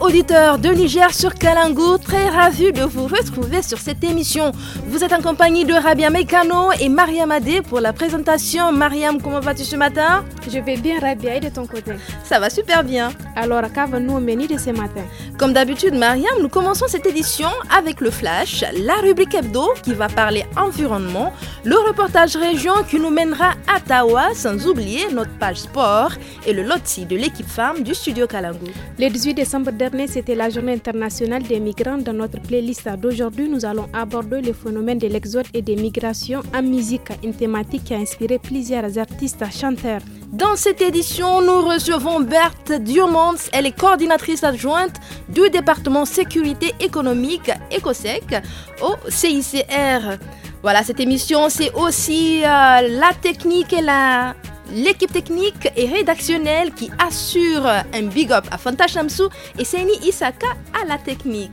auditeurs de Niger sur Kalango, très ravi de vous retrouver sur cette émission. Vous êtes en compagnie de Rabia Mekano et Mariam Adé pour la présentation. Mariam, comment vas-tu ce matin Je vais bien, Rabia, et de ton côté Ça va super bien. Alors, qu'avons-nous au menu de ce matin Comme d'habitude, Mariam, nous commençons cette édition avec le Flash, la rubrique hebdo qui va parler environnement, le reportage région qui nous mènera à Tawa, sans oublier notre page sport et le loti de l'équipe femme du studio Kalango. Le 18 décembre dernier, c'était la journée internationale des migrants. Dans notre playlist d'aujourd'hui, nous allons aborder le phénomène de l'exode et des migrations en musique, une thématique qui a inspiré plusieurs artistes chanteurs. Dans cette édition, nous recevons Berthe Durmont, Elle est coordinatrice adjointe du département sécurité économique ECOSEC au CICR. Voilà, cette émission, c'est aussi euh, la technique et la l'équipe technique et rédactionnelle qui assure un big up à Fanta Shamsou et Seni Isaka à la technique.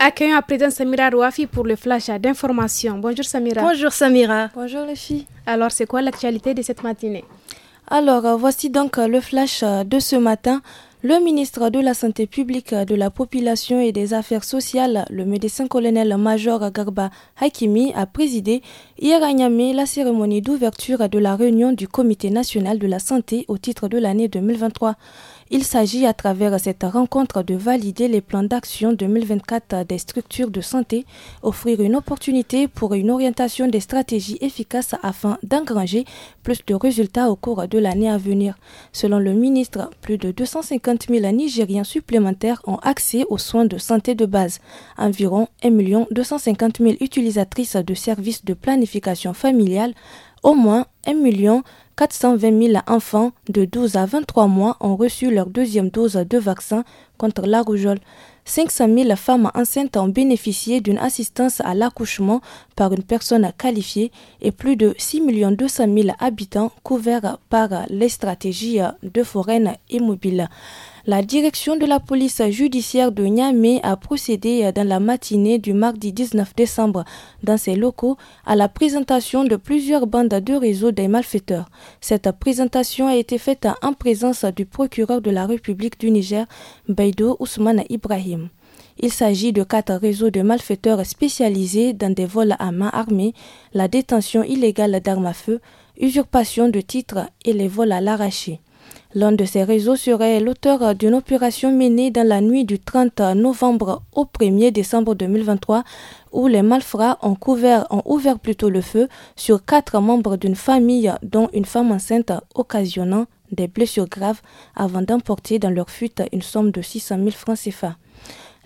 Accueillons à présent Samira Rouafi pour le flash d'information. Bonjour Samira. Bonjour Samira. Bonjour les filles. Alors, c'est quoi l'actualité de cette matinée Alors, euh, voici donc euh, le flash euh, de ce matin. Le ministre de la Santé publique, de la Population et des Affaires sociales, le médecin colonel major Garba Hakimi, a présidé hier à Niamey la cérémonie d'ouverture de la réunion du Comité national de la santé au titre de l'année 2023. Il s'agit à travers cette rencontre de valider les plans d'action 2024 des structures de santé, offrir une opportunité pour une orientation des stratégies efficaces afin d'engranger plus de résultats au cours de l'année à venir. Selon le ministre, plus de 250 000 Nigériens supplémentaires ont accès aux soins de santé de base. Environ 1 250 000 utilisatrices de services de planification familiale au moins 1 420 000 enfants de 12 à 23 mois ont reçu leur deuxième dose de vaccin contre la rougeole. 500 000 femmes enceintes ont bénéficié d'une assistance à l'accouchement par une personne qualifiée et plus de 6 200 000 habitants couverts par les stratégies de Foraine immobiles. La direction de la police judiciaire de Niamey a procédé dans la matinée du mardi 19 décembre dans ses locaux à la présentation de plusieurs bandes de réseaux des malfaiteurs. Cette présentation a été faite en présence du procureur de la République du Niger, Baido Ousmane Ibrahim. Il s'agit de quatre réseaux de malfaiteurs spécialisés dans des vols à main armée, la détention illégale d'armes à feu, usurpation de titres et les vols à l'arraché. L'un de ces réseaux serait l'auteur d'une opération menée dans la nuit du 30 novembre au 1er décembre 2023 où les malfrats ont, couvert, ont ouvert plutôt le feu sur quatre membres d'une famille dont une femme enceinte occasionnant des blessures graves avant d'emporter dans leur fuite une somme de 600 000 francs CFA.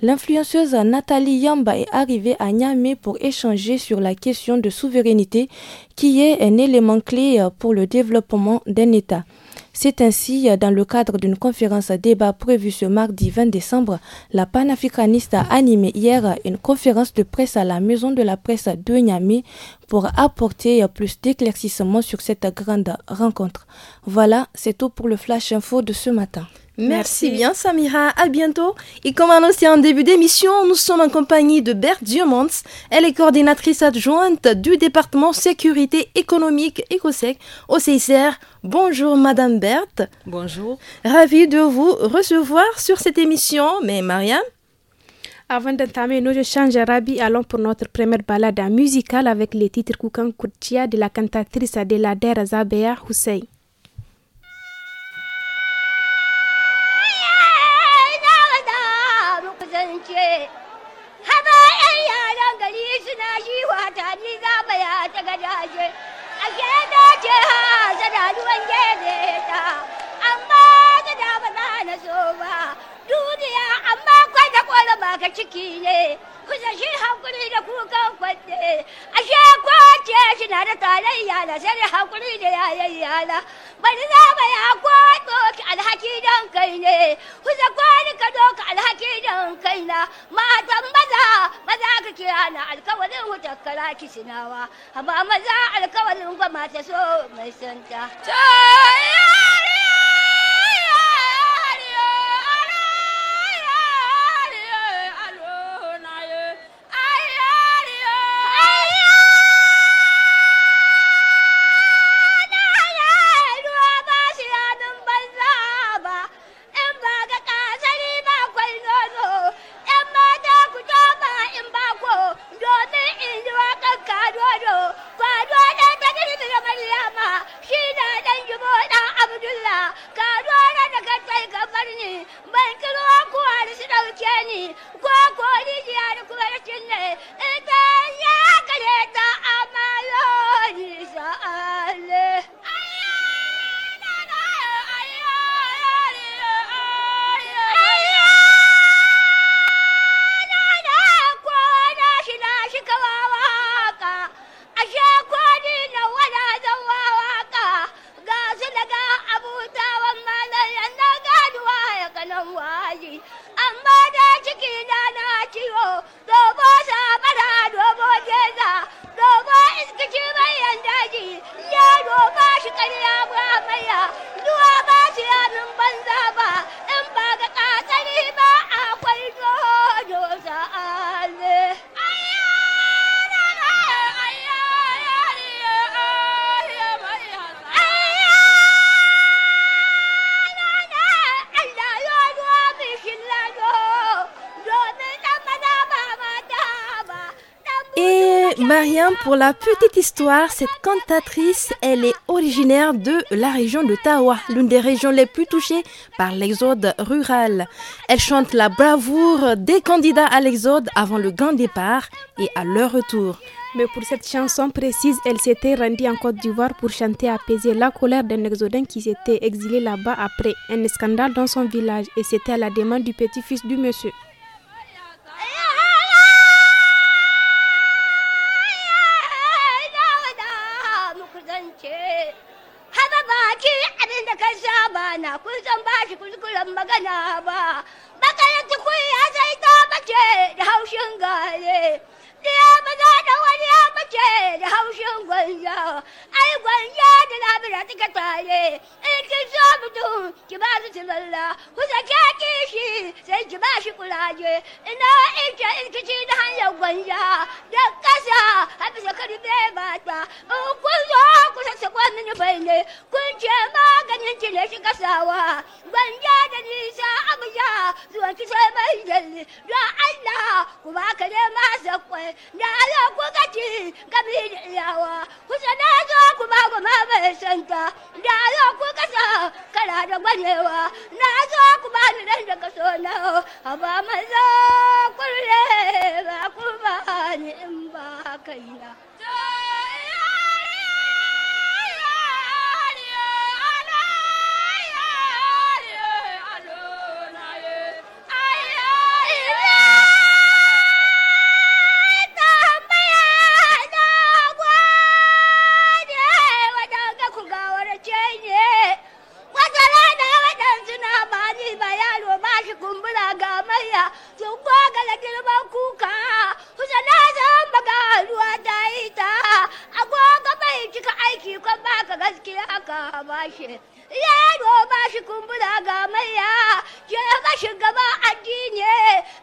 L'influenceuse Nathalie Yamba est arrivée à Niamey pour échanger sur la question de souveraineté qui est un élément clé pour le développement d'un État. C'est ainsi, euh, dans le cadre d'une conférence débat prévue ce mardi 20 décembre, la panafricaniste a animé hier euh, une conférence de presse à la maison de la presse de Niamey pour apporter euh, plus d'éclaircissement sur cette grande rencontre. Voilà, c'est tout pour le Flash Info de ce matin. Merci. bien Samira, à bientôt. Et comme annoncé en début d'émission, nous sommes en compagnie de Berthe Diamonds. Elle est coordinatrice adjointe du département sécurité économique écossais au CICR. Bonjour Madame Berthe. Bonjour. Ravie de vous recevoir sur cette émission. Mais Mariam avant d'entamer nos échanges, arabes, allons pour notre première balade musicale avec les titres Koukan Kourtia de la cantatrice Adela Zabea Hussein. jiwa ta ni za ba ya ta gadaje a gida ce ha sada ruwan gede ta amma ta da ba na so ba duniya amma kwai da kwai ba ka ciki ne kusa shi hakuri da kukan kwanne ashe kwace shi na da tarayya da sai hankuri da yayan yana bari za ba ya kwato ki alhaki dan kai ne kusa kwani ka doka alhaki dan kai na matan maza maza ka kira na alkawarin hutakkara ki sinawa amma maza alkawarin ba mata so mai santa. Tayari. Pour la petite histoire, cette cantatrice, elle est originaire de la région de Tawa, l'une des régions les plus touchées par l'exode rural. Elle chante la bravoure des candidats à l'exode avant le grand départ et à leur retour. Mais pour cette chanson précise, elle s'était rendue en Côte d'Ivoire pour chanter apaiser la colère d'un exodin qui s'était exilé là-bas après un scandale dans son village et c'était à la demande du petit-fils du monsieur. ya saba na kun san ba shi kuskuren magana ba bakarar ya sai ta bace da haushin gare ya ba za da wani ya bace da haushin gwanja. gwanya da labira suka tare in kin so mutum ki ba su balla ku sake shi sai ki ba shi kulaje ina ita in kici da hanyar gwanja da kasa habi sakari bai bata in kun zo ku sassa kwanin bai ne kun ce maganin cire shi kasawa gwanya da nisa abuja zuwa ki sai mai jalli don Allah ku ba ka ne masa kwai da Allah ku gaci gami da iyawa ku na zo ku ba ku mamaye shanta da yau ku kasa kara da gwanewa na zo ku ba ni dan da kaso na ba maza kulle ba ku ba ni in ba kaina. kumbura ga maiya tunko da girman kuka kusa na san baka ruwa ta yi ta ka bai cika aiki ko baka gaskiya ka bashi yaro ba shi kumbura ga maya je ba shi gaba addini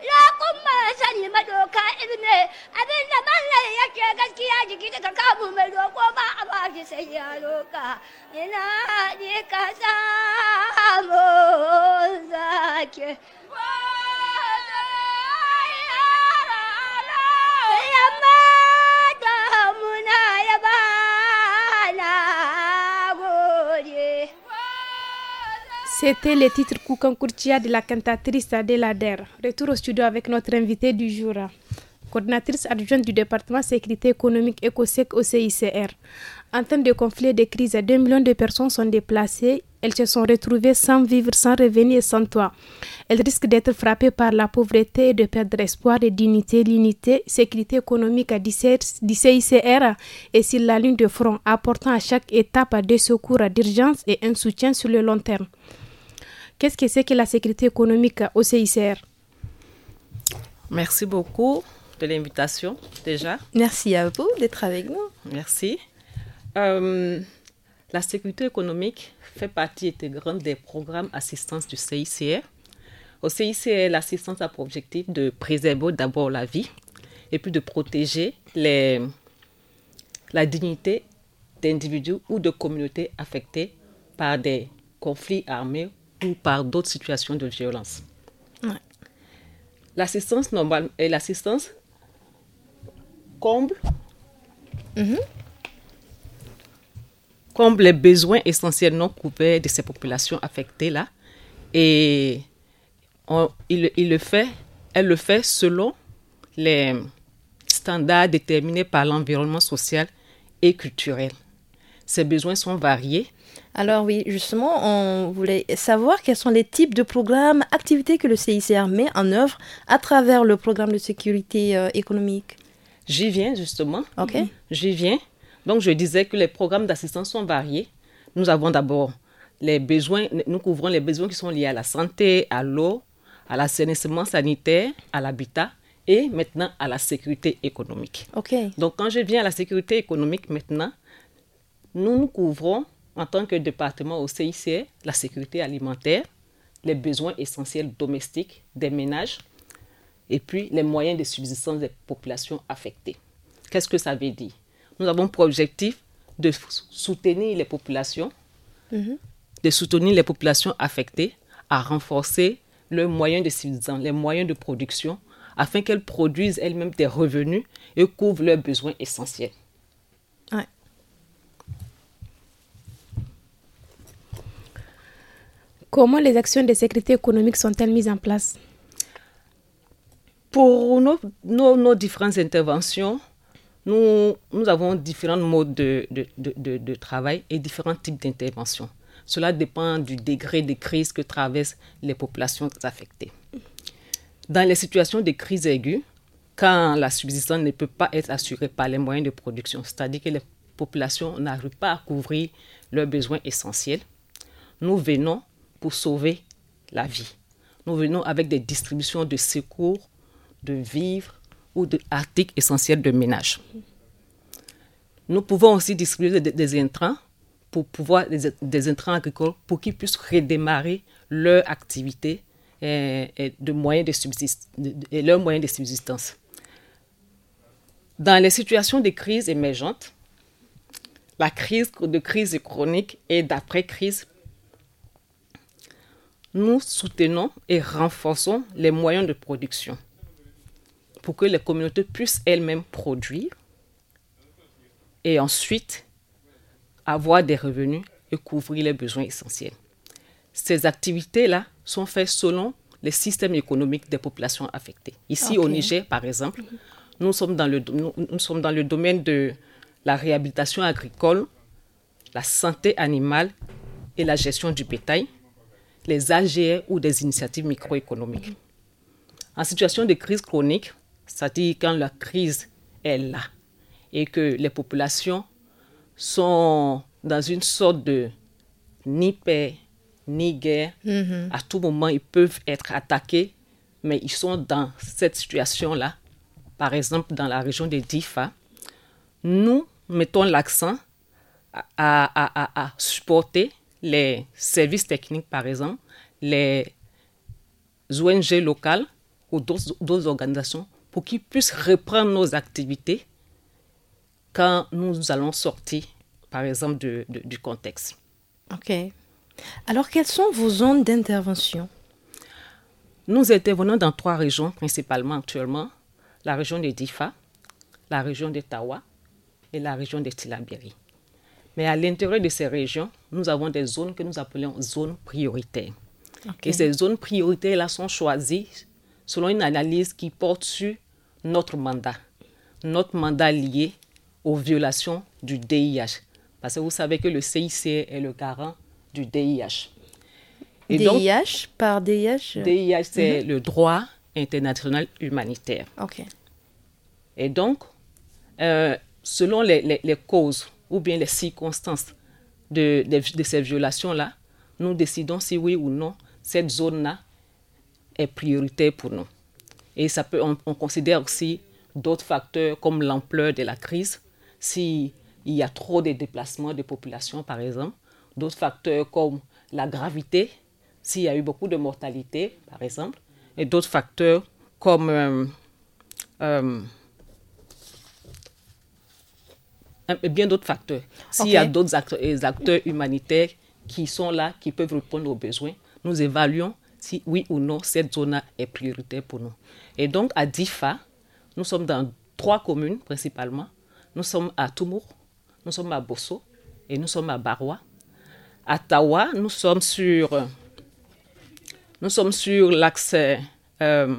la kuma sani madoka ibne abin da mallan yake gaskiya jiki daga kamu mai roko ba a ba shi sai ya roka ina ni ka samu zake. C'était le titre Koukankourtia de la cantatrice Adela Der. Retour au studio avec notre invitée du jour, coordinatrice adjointe du département sécurité économique ECOSEC au CICR. En termes de conflit et de crise, 2 millions de personnes sont déplacées. Elles se sont retrouvées sans vivre, sans revenir sans toit. Elles risquent d'être frappées par la pauvreté et de perdre espoir et dignité. L'unité sécurité économique du CICR est sur la ligne de front, apportant à chaque étape des secours d'urgence et un soutien sur le long terme. Qu'est-ce que c'est que la sécurité économique au CICR Merci beaucoup de l'invitation déjà. Merci à vous d'être avec nous. Merci. Euh, la sécurité économique fait partie intégrante des programmes d'assistance du CICR. Au CICR, l'assistance a pour objectif de préserver d'abord la vie et puis de protéger la dignité d'individus ou de communautés affectées par des conflits armés ou par d'autres situations de violence. L'assistance normale et l'assistance comble, mm-hmm. comble les besoins essentiellement couverts de ces populations affectées-là. Et il, il le fait, elle le fait selon les standards déterminés par l'environnement social et culturel. Ces besoins sont variés alors oui, justement, on voulait savoir quels sont les types de programmes, activités que le CICR met en œuvre à travers le programme de sécurité euh, économique. J'y viens justement. OK. Mhm. J'y viens. Donc je disais que les programmes d'assistance sont variés. Nous avons d'abord les besoins, nous couvrons les besoins qui sont liés à la santé, à l'eau, à l'assainissement sanitaire, à l'habitat et maintenant à la sécurité économique. OK. Donc quand je viens à la sécurité économique maintenant, nous nous couvrons en tant que département au CICE, la sécurité alimentaire, les besoins essentiels domestiques des ménages et puis les moyens de subsistance des populations affectées. Qu'est-ce que ça veut dire Nous avons pour objectif de soutenir les populations, mhm. de soutenir les populations affectées à renforcer leurs moyens de subsistance, les moyens de production, afin qu'elles produisent elles-mêmes des revenus et couvrent leurs besoins essentiels. Comment les actions de sécurité économique sont-elles mises en place Pour nos, différentes interventions, nous, avons différents modes de, de travail et différents types d'interventions. Cela dépend du degré de crise que traversent les populations affectées. Dans les situations de crise aiguë, quand la subsistance ne peut pas être assurée par les moyens de production, c'est-à-dire que les populations n'arrivent pas à couvrir leurs besoins essentiels, nous venons sauver la vie. Nous venons avec des distributions de secours, de vivres ou d'articles essentiels de ménage. Nous pouvons aussi distribuer des, intrants pour pouvoir des, intrants agricoles pour qu'ils puissent redémarrer leur activité eh, eh, et, de moyens de subsistance et leurs moyens de subsistance. Dans les situations de crise émergente la crise de crise chronique et d'après crise nous soutenons et renforçons les moyens de production pour que les communautés puissent elles-mêmes produire et ensuite avoir des revenus et couvrir les besoins essentiels. Ces activités-là sont faites selon les systèmes économiques des populations affectées. Ici au Niger, par exemple, nous sommes, dans le, nous sommes dans le domaine de la réhabilitation agricole, la santé animale et la gestion du bétail les AGR e ou des initiatives microéconomiques. En situation de crise chronique, c'est-à-dire quand la crise est là et que les populations sont dans une sorte de ni paix ni guerre, mhm. à tout moment ils peuvent être attaqués, mais ils sont dans cette situation-là. Par exemple, dans la région de Difa, nous mettons l'accent à, à, à supporter les services techniques, par exemple, les ONG locales ou d'autres organisations pour qu'ils puissent reprendre nos activités quand nous allons sortir, par exemple, du contexte. OK. Alors, quelles sont vos zones d'intervention Nous intervenons dans trois régions principalement actuellement. La région de Difa, la région de Tawa et la région de Tilabiri. Mais à l'intérieur de ces régions, nous avons des zones que nous appelons zones prioritaires. Et ces zones prioritaires-là sont choisies selon une analyse qui porte sur notre mandat. Notre mandat lié aux violations du DIH. Parce que vous savez que le CIC est le garant du DIH. Et DIH par DIH DIH, c'est mhm. le droit international humanitaire. OK. Et donc, euh, selon les causes ou bien les circonstances de, de, ces violations-là, nous décidons si oui ou non cette zone-là est prioritaire pour nous. Et ça peut, on, considère aussi d'autres facteurs comme l'ampleur de la crise, s'il y a trop de déplacements de population par exemple, d'autres facteurs comme la gravité, s'il y a eu beaucoup de mortalité par exemple, et d'autres facteurs comme... Euh, euh, Hein, bien d'autres facteurs. S'il y a d'autres acteurs, humanitaires qui sont là, qui peuvent répondre aux besoins, nous évaluons si oui ou non cette zone est prioritaire pour nous. Et donc à DIFA, nous sommes dans trois communes principalement. Nous sommes à Toumour, nous sommes à Bosso et nous sommes à Barois. À Tawa, nous sommes sur, nous sommes sur l'accès euh,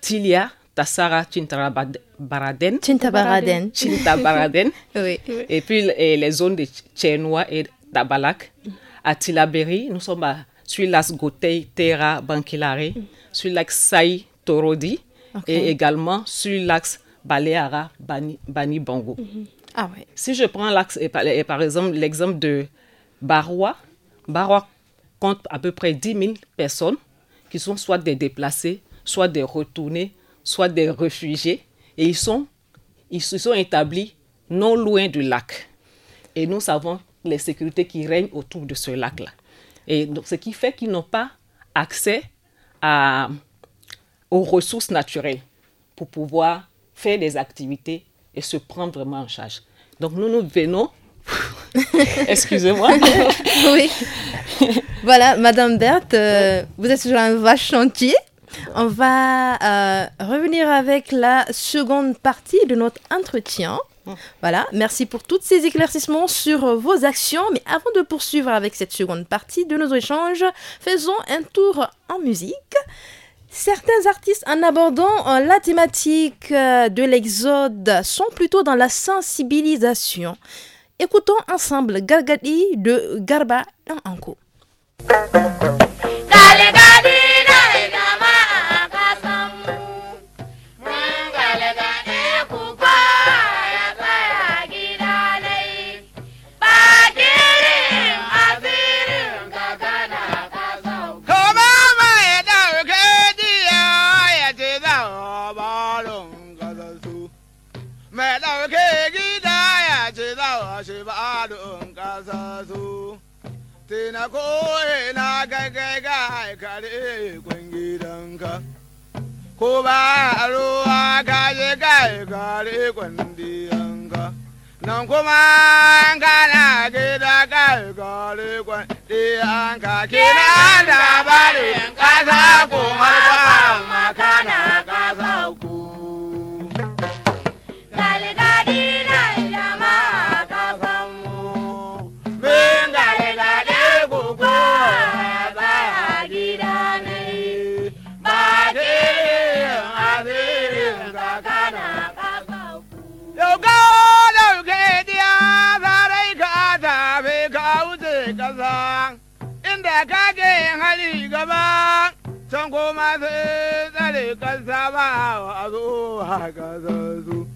Tilia, Tassara Tintabaraden. Tintabaraden. Chintabaraden. oui. Et puis les zones de Tchénois et Tabalak. À Tilaberi, nous sommes sur l'axe Gotei, Tera, Bankilare, sur l'axe Saï, Torodi, et également sur l'axe Baleara, Bani, Bani Bongo. Mhm. ah, ouais. Si je prends l'axe, par exemple l'exemple de Barwa, Barwa compte à peu près 10 000 personnes qui sont soit des déplacés, soit des retournés, soit des réfugiés et ils, sont, ils se sont établis non loin du lac. Et nous savons les sécurités qui règnent autour de ce lac-là. Et donc, ce qui fait qu'ils n'ont pas accès à, aux ressources naturelles pour pouvoir faire des activités et se prendre vraiment en charge. Donc, nous, nous venons Excusez-moi. oui. Voilà, Madame Berthe, euh, vous êtes sur un vache chantier. On va euh, revenir avec la seconde partie de notre entretien. Mm. Voilà, merci pour tous ces éclaircissements sur vos actions. Mais avant de poursuivre avec cette seconde partie de nos échanges, faisons un tour en musique. Certains artistes, en abordant euh, la thématique euh, de l'exode, sont plutôt dans la sensibilisation. Écoutons ensemble Gargadi de Garba Anko. Tina ko ina gagai ga kare kun gidanka, ko ba a ruwa je ga kare kun ka. nan kuma kana gida ga kare kun ka. kina labari kasa ko har makana za ku. mai ƙasa, inda kake yin hali gaba, can kuma sai tsare ƙasa ba wa zo a ƙasar su.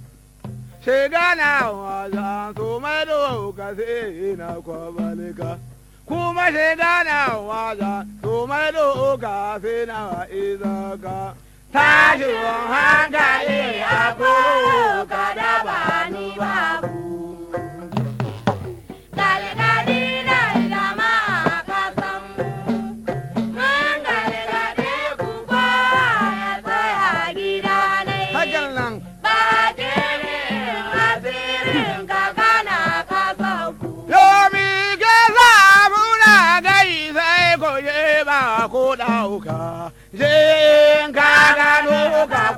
Shiga na wajen su mai doka sai na kwabalika, kuma shiga na wajen su mai doka sai na izaka. Tashin hankali abu ka da ba ni babu.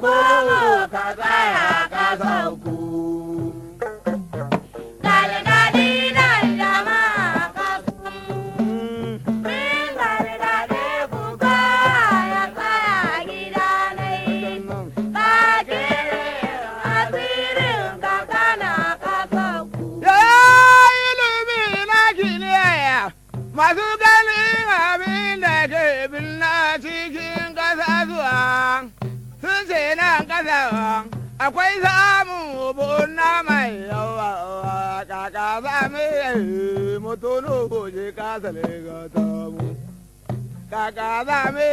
欢乐开怀。mai samu bonna mai yawa kaka zame mutuno goje ka sale ga tamu kaka zame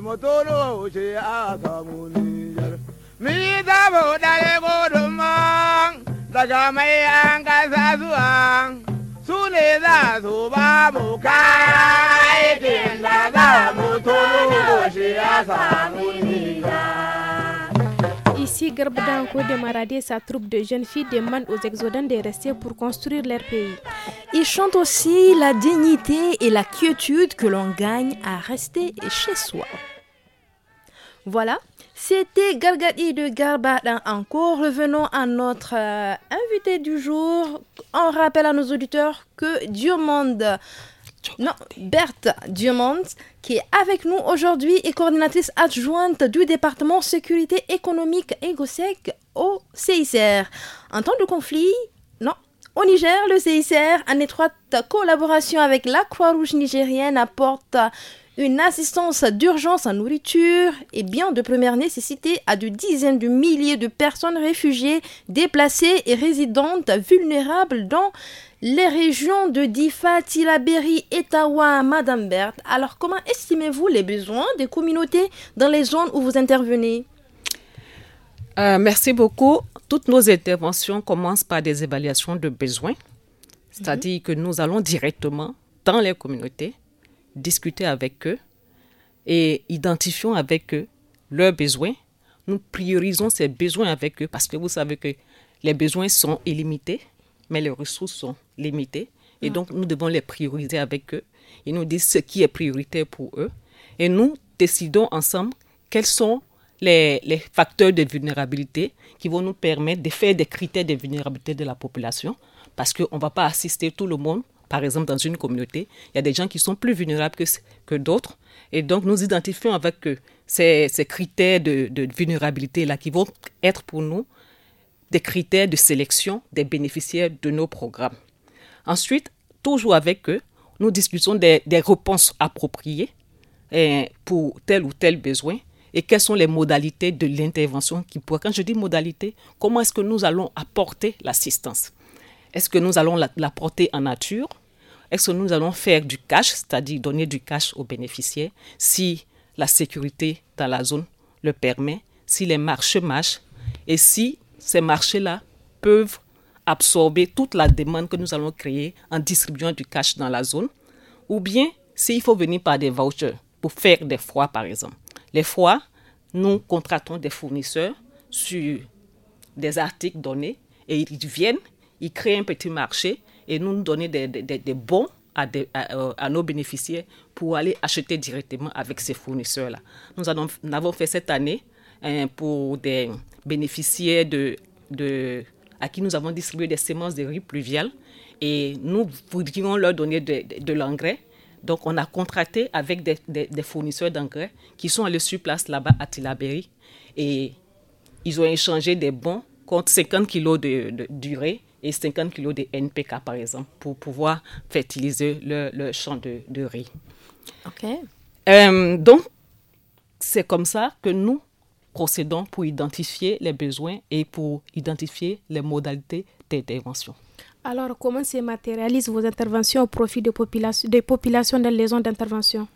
mutuno goje a tamu nijar mi zabo dare gudunman daga mai an kasa zuwa su ne za su ba mu kayan aikin da za mu tuno goje a samu nijar Garbada Garbada de Maradé, sa troupe de jeunes filles demande aux exodants de rester pour construire leur pays. Ils chantent aussi la dignité et la quiétude que l'on gagne à rester chez soi. Voilà, c'était Gargadi de Garbadan encore. Revenons à notre euh, invité du jour. On rappelle à nos auditeurs que monde. Non, Berthe Diamant, qui est avec nous aujourd'hui est coordinatrice adjointe du département sécurité économique et EGOSEC au CICR. En temps de conflit, non, au Niger, le CICR, en étroite collaboration avec la Croix-Rouge nigérienne, apporte une assistance d'urgence en nourriture et bien de première nécessité à de dizaines de milliers de personnes réfugiées, déplacées et résidentes vulnérables dans les régions de Difa, Tilaberi, Etawa, Madame Berthe. Alors, comment estimez-vous les besoins des communautés dans les zones où vous intervenez euh, Merci beaucoup. Toutes nos interventions commencent par des évaluations de besoins, c'est-à-dire mhm. que nous allons directement dans les communautés, discuter avec eux et identifions avec eux leurs besoins. Nous priorisons ces besoins avec eux parce que vous savez que les besoins sont illimités mais les ressources sont limitées. Et ah. donc, nous devons les prioriser avec eux. Ils nous disent ce qui est prioritaire pour eux. Et nous décidons ensemble quels sont les, facteurs de vulnérabilité qui vont nous permettre de faire des critères de vulnérabilité de la population, parce qu'on ne va pas assister tout le monde. Par exemple, dans une communauté, il y a des gens qui sont plus vulnérables que, d'autres. Et donc, nous identifions avec eux ces, critères de vulnérabilité-là qui vont être pour nous des critères de sélection des bénéficiaires de nos programmes. Ensuite, toujours avec eux, nous discutons des, des réponses appropriées eh, pour tel ou tel besoin et quelles sont les modalités de l'intervention qui pourraient. Quand je dis modalité, comment est-ce que nous allons apporter l'assistance Est-ce que nous allons l'apporter en nature Est-ce que nous allons faire du cash, c'est-à-dire donner du cash aux bénéficiaires si la sécurité dans la zone le permet, si les marches marchent et si ces marchés-là peuvent absorber toute la demande que nous allons créer en distribuant du cash dans la zone, ou bien s'il faut venir par des vouchers pour faire des froids, par exemple. Les froids, nous contractons des fournisseurs sur des articles donnés et ils viennent, ils créent un petit marché et nous nous donnons des, bons à, euh, à, nos bénéficiaires pour aller acheter directement avec ces fournisseurs-là. Nous, avons fait cette année hein, pour des bénéficiaient de, de, à qui nous avons distribué des semences de riz pluvial et nous voudrions leur donner de, l'engrais. Donc, on a contracté avec des, fournisseurs d'engrais qui sont allés sur place là-bas à Tilaberi et ils ont échangé des bons contre 50 kilos de, de durée et 50 kilos de NPK, par exemple, pour pouvoir fertiliser le, champ de, riz. OK. Euh, donc, c'est comme ça que nous, procédons pour identifier les besoins et pour identifier les modalités d'intervention. Alors, comment se matérialisent vos interventions au profit des populations, des populations dans les zones d'intervention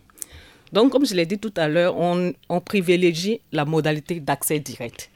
Donc, comme je l'ai dit tout à l'heure, on, privilégie la modalité d'accès direct.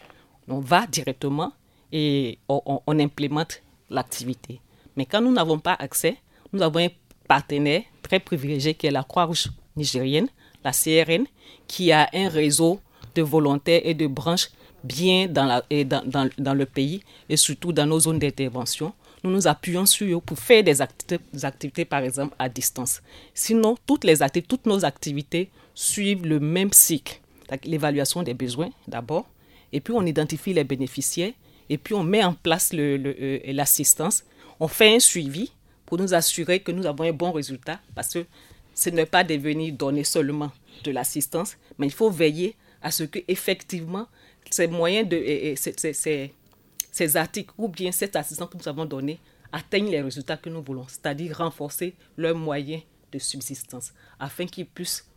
On va directement et on, on, on implémente l'activité. Mais quand nous n'avons pas accès, nous avons un partenaire très privilégié qui est la Croix-Rouge nigérienne, la CRN, qui a un réseau de volontaires et de branches bien dans, la, et dans, le pays et surtout dans nos zones d'intervention. Nous nous appuyons sur eux pour faire des, activités, par exemple, à distance. Sinon, toutes, les toutes nos activités suivent le même cycle. L'évaluation des besoins d'abord, et puis on identifie les bénéficiaires, et puis on met en place euh, l'assistance. Le, on fait un suivi pour nous assurer que nous avons un bon résultat, parce que ce n'est pas devenir donner seulement de l'assistance, mais il faut veiller à ce que effectivement ces moyens de ces, articles ou bien cette assistant que nous avons donné atteignent les résultats que nous voulons, c'est-à-dire renforcer leurs moyens de subsistance afin qu'ils puissent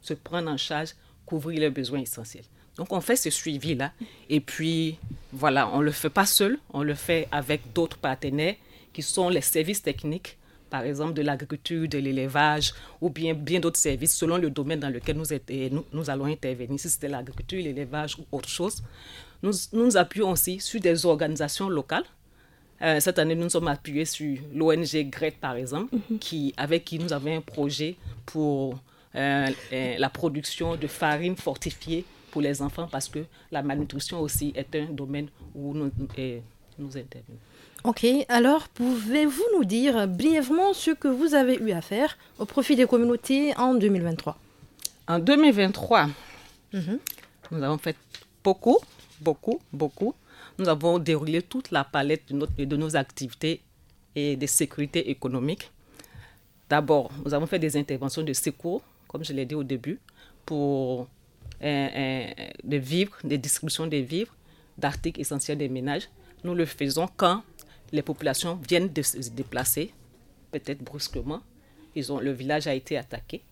se prendre en charge, couvrir leurs besoins essentiels. Donc on fait ce suivi-là et puis voilà, on ne le fait pas seul, on le fait avec d'autres partenaires qui sont les services techniques par exemple de l'agriculture, de l'élevage ou bien, bien d'autres services selon le domaine dans lequel nous, nous, allons intervenir, si c'était l'agriculture, l'élevage ou autre chose. Nous, nous appuyons aussi sur des organisations locales euh, cette année, nous nous sommes appuyés sur l'ONG GRET, par exemple, mhm. qui, avec qui nous avons un projet pour euh, euh, la production de farine fortifiée pour les enfants, parce que la malnutrition aussi est un domaine où nous, nous intervenons. Ok, alors pouvez-vous nous dire brièvement ce que vous avez eu à faire au profit des communautés en 2023 En 2023, mhm. nous avons fait beaucoup, beaucoup, beaucoup. Nous avons déroulé toute la palette de, nos activités et de sécurité économique. D'abord, nous avons fait des interventions de secours, comme je l'ai dit au début, pour euh, euh, des vivres, des distributions des vivres, d'articles essentiels des ménages. Nous le faisons quand les populations viennent de se déplacer, peut-être brusquement. Ils ont, le village a été attaqué.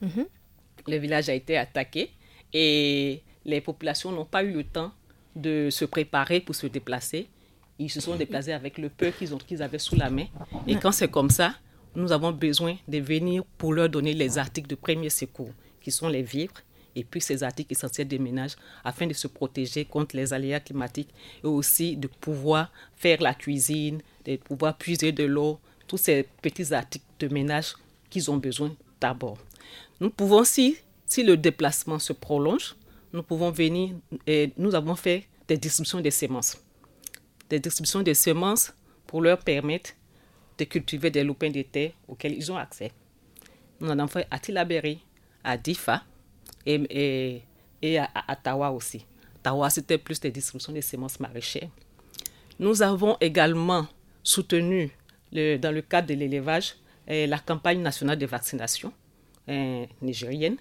Mhm. Le village a été attaqué et les populations n'ont pas eu le temps de se préparer pour se déplacer. Ils se sont mhm. déplacés avec le peu qu'ils qu'ils avaient sous la main. Et quand c'est comme ça, nous avons besoin de venir pour leur donner les articles de premier secours, qui sont les vivres, et puis ces articles essentiels de ménages afin de se protéger contre les aléas climatiques et aussi de pouvoir faire la cuisine, de pouvoir puiser de l'eau, tous ces petits articles de ménage qu'ils ont besoin d'abord. Nous pouvons aussi, si le déplacement se prolonge, nous pouvons venir et nous avons fait des distributions de semences. Des distributions de semences pour leur permettre de cultiver des lupins de terre auxquels ils ont accès. Nous en avons fait à Tilaberi, à Difa, et, à, Tawa aussi. Tawa, c'était plus des distributions des semences maraîchères. Nous avons également soutenu, le, dans le cadre de l'élevage, eh, la campagne nationale de vaccination eh, nigérienne.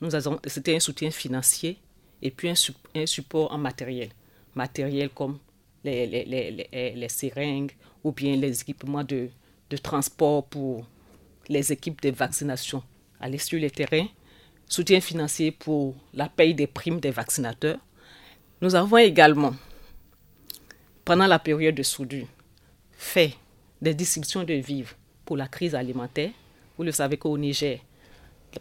Nous avons, c'était un soutien financier et puis un, support en matériel. Matériel comme les, eh, les, seringues ou bien les équipements de, de transport pour les équipes de vaccination. Aller sur le terrain, soutien financier pour la paye des primes des vaccinateurs. Nous avons également, pendant la période de soudure, fait des distributions de vivres pour la crise alimentaire. Vous le savez qu'au Niger,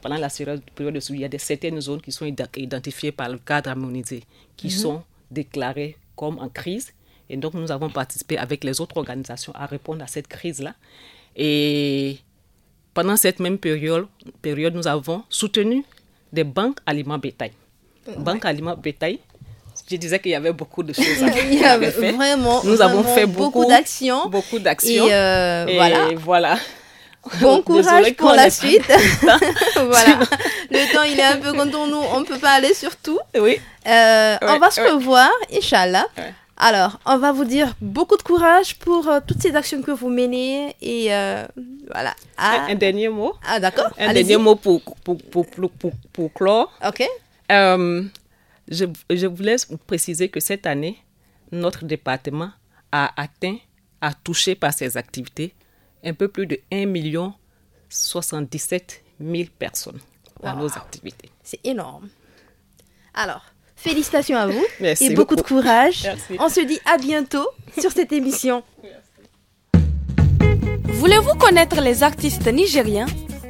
pendant la période de soudure, il y a certaines zones qui sont identifiées par le cadre harmonisé, qui mhm. sont déclarées comme en crise. Et donc, nous avons participé avec les autres organisations à répondre à cette crise-là. Et pendant cette même période, période, nous avons soutenu des banques aliments bétail. Banque aliments bétail, je disais qu'il y avait beaucoup de choses à faire. Il y avait Vraiment, nous avons fait beaucoup, d'actions. Beaucoup d'actions. Euh, Et, voilà. Bon courage pour la suite. voilà. Le temps, il est un peu contre nous. On ne peut pas aller sur tout. Oui. Euh, on va se revoir, Inch'Allah. Alors, on va vous dire beaucoup de courage pour euh, toutes ces actions que vous menez et euh, voilà. Un, dernier mot. Ah d'accord. Un dernier mot pour pour, pour, pour, pour clore. Ok. Euh, je, je voulais préciser que cette année, notre département a atteint, a touché par ses activités un peu plus de 1 million 77 000 personnes par nos activités. C'est énorme. Alors, Félicitations à vous et beaucoup, de courage. On se dit à bientôt sur cette émission. Voulez-vous connaître les artistes nigériens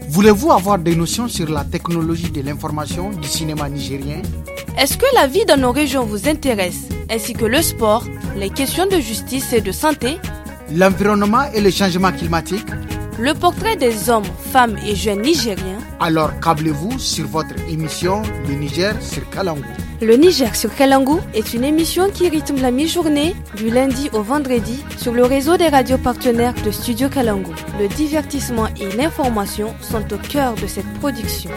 Voulez-vous avoir des notions sur la technologie de l'information du cinéma nigérien Est-ce que la vie dans nos régions vous intéresse, ainsi que le sport, les questions de justice et de santé L'environnement et le changement climatique le portrait des hommes, femmes et jeunes nigériens. Alors câblez-vous sur votre émission Le Niger sur Kalangou. Le Niger sur Kalangu est une émission qui rythme la mi-journée du lundi au vendredi sur le réseau des radios partenaires de Studio Kalangu. Le divertissement et l'information sont au cœur de cette production.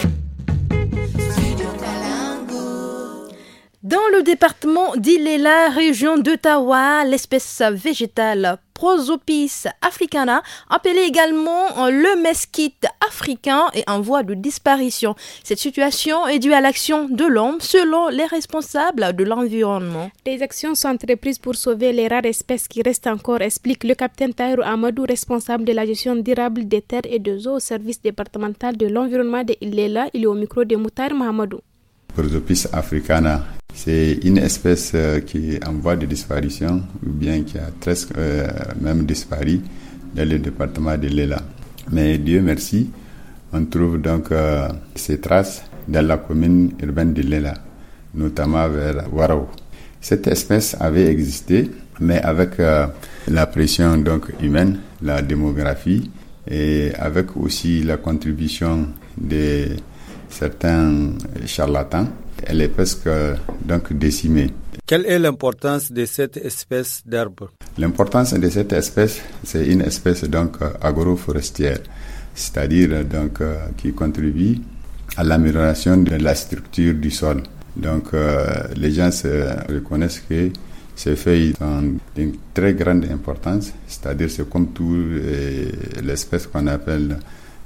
Dans le département d'Ilela, région d'Ottawa, l'espèce végétale Prosopis africana, appelé également euh, le mesquite africain est en voie de disparition. Cette situation est due à l'action de l'homme selon les responsables de l'environnement. Des actions sont entreprises pour sauver les rares espèces qui restent encore, explique le capitaine Tahirou Amadou, responsable de la gestion durable des terres et des eaux au service départemental de l'environnement de Ilela. Il est au micro de Moutar Mahamadou. Prosopis africana. C'est une espèce euh, qui est en voie de disparition ou bien qui a presque euh, même disparu dans le département de l'Ela. Mais Dieu merci, on trouve donc ses euh, ces traces dans la commune urbaine de l'Ela, notamment vers Warao. Cette espèce avait existé, mais avec la pression donc humaine, la démographie et avec aussi la contribution des certains charlatans, elle est presque donc décimée. Quelle est l'importance de cette espèce d'herbe L'importance de cette espèce, c'est une espèce donc agroforestière, c'est-à-dire donc qui contribue à l'amélioration de la structure du sol. Donc euh, les gens se reconnaissent que ces feuilles ont une très grande importance, c'est-à-dire c'est comme tout euh, l'espèce qu'on appelle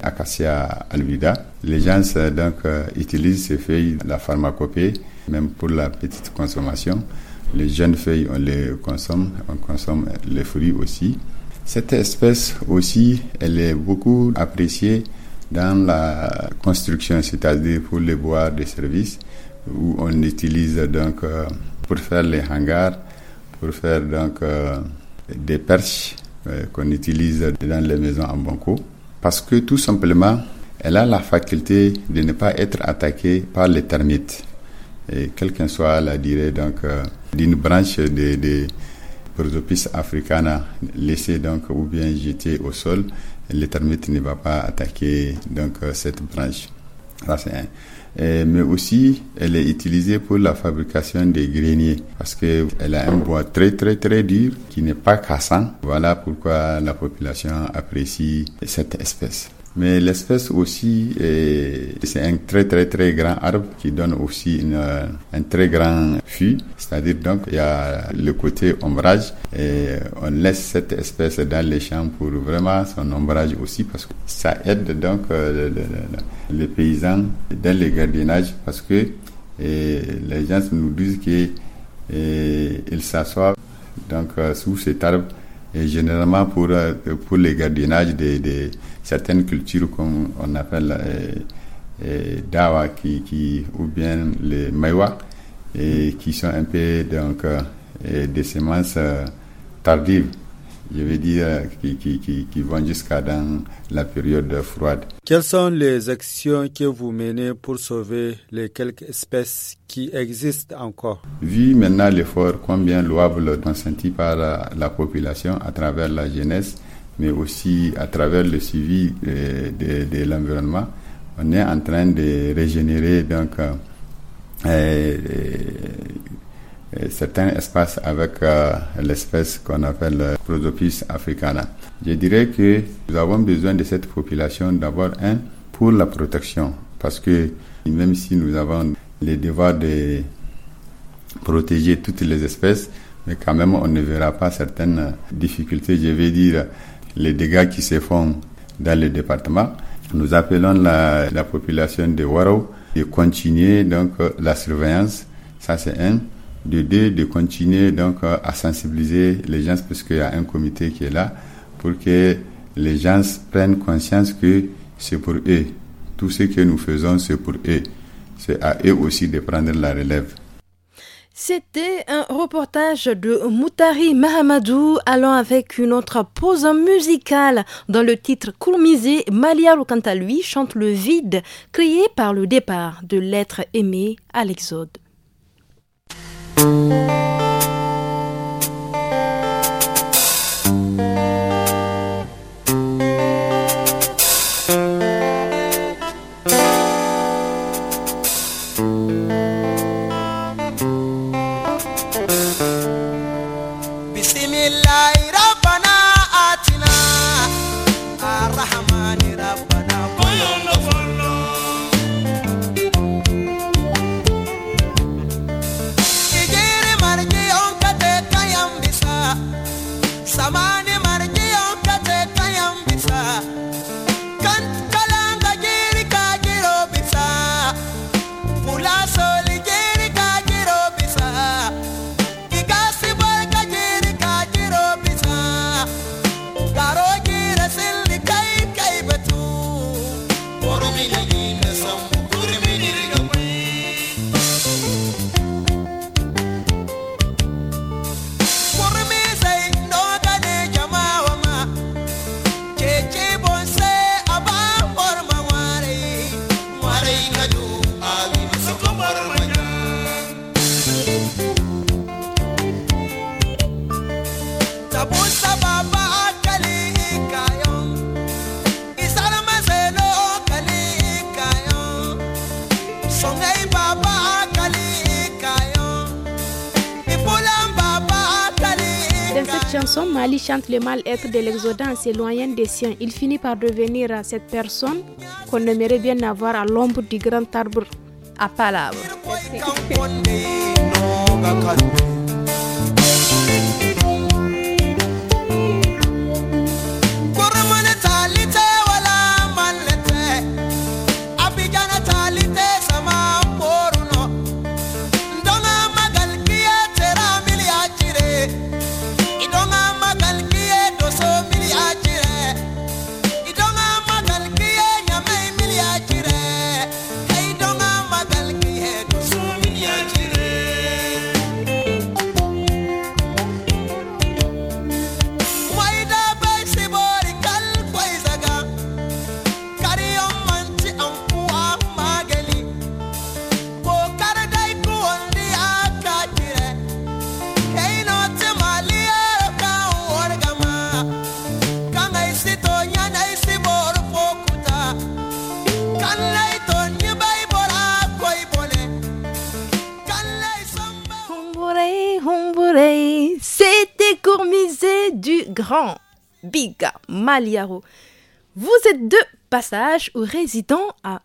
Acacia alvida. Les gens donc euh, utilisent ces feuilles, la pharmacopée, même pour la petite consommation. Les jeunes feuilles, on les consomme, on consomme les fruits aussi. Cette espèce aussi, elle est beaucoup appréciée dans la construction, c'est-à-dire pour les bois de service, où on utilise donc euh, pour faire les hangars, pour faire donc euh, des perches qu'on utilise dans les maisons en banco. Parce que tout simplement, elle a la faculté de ne pas être attaquée par les termites. Et soit la dirait donc, euh, d'une branche de, de Prosopis africana laissée donc, ou bien jetée au sol, les termites ne va pas attaquer donc, euh, cette branche. Euh, mais aussi elle est utilisée pour la fabrication des greniers parce qu'elle a un bois très très très dur qui n'est pas cassant. Voilà pourquoi la population apprécie cette espèce. Mais l'espèce aussi, c'est un très très très grand arbre qui donne aussi un très grand fût. C'est-à-dire donc, il y a le côté ombrage et on laisse cette espèce dans les champs pour vraiment son ombrage aussi parce que ça aide donc euh, les paysans dans le gardiennage parce que les gens nous disent qu'ils s'assoient donc euh, sous cet arbre et généralement pour, euh, pour le gardiennage des certaines cultures comme on appelle les euh, euh, dawa qui, qui, ou bien les maiwa et qui sont un peu donc euh, des semences tardives je veux dire, qui, qui, qui, qui vont jusqu'à dans la période froide. Quelles sont les actions que vous menez pour sauver les quelques espèces qui existent encore Vu maintenant l'effort combien louable senti par la population à travers la jeunesse, mais aussi à travers le suivi euh, de, l'environnement, on est en train de régénérer donc euh, euh, certains espaces avec l'espèce qu'on appelle Prosopis africana. Je dirais que nous avons besoin de cette population d'abord un pour la protection parce que même si nous avons le devoir de protéger toutes les espèces, mais quand même on ne verra pas certaines difficultés, je vais dire les dégâts qui se font dans le département. Nous appelons la, population de Waro de continuer donc euh, la surveillance, ça c'est un. De de continuer donc euh, à sensibiliser les gens parce qu'il y a un comité qui est là pour que les gens prennent conscience que c'est pour eux. Tout ce que nous faisons, c'est pour eux. C'est à eux aussi de prendre la relève. C'était un reportage de Moutari Mahamadou allant avec une autre pause musicale dans le titre courmisé. Maliaro, quant à lui, chante le vide créé par le départ de l'être aimé à l'exode. le mal-être de l'exodant s'éloigne des siens, il finit par devenir cette personne qu'on aimerait bien avoir à l'ombre du grand arbre à palavre Maliaro. Vous êtes deux Passage aux résidents à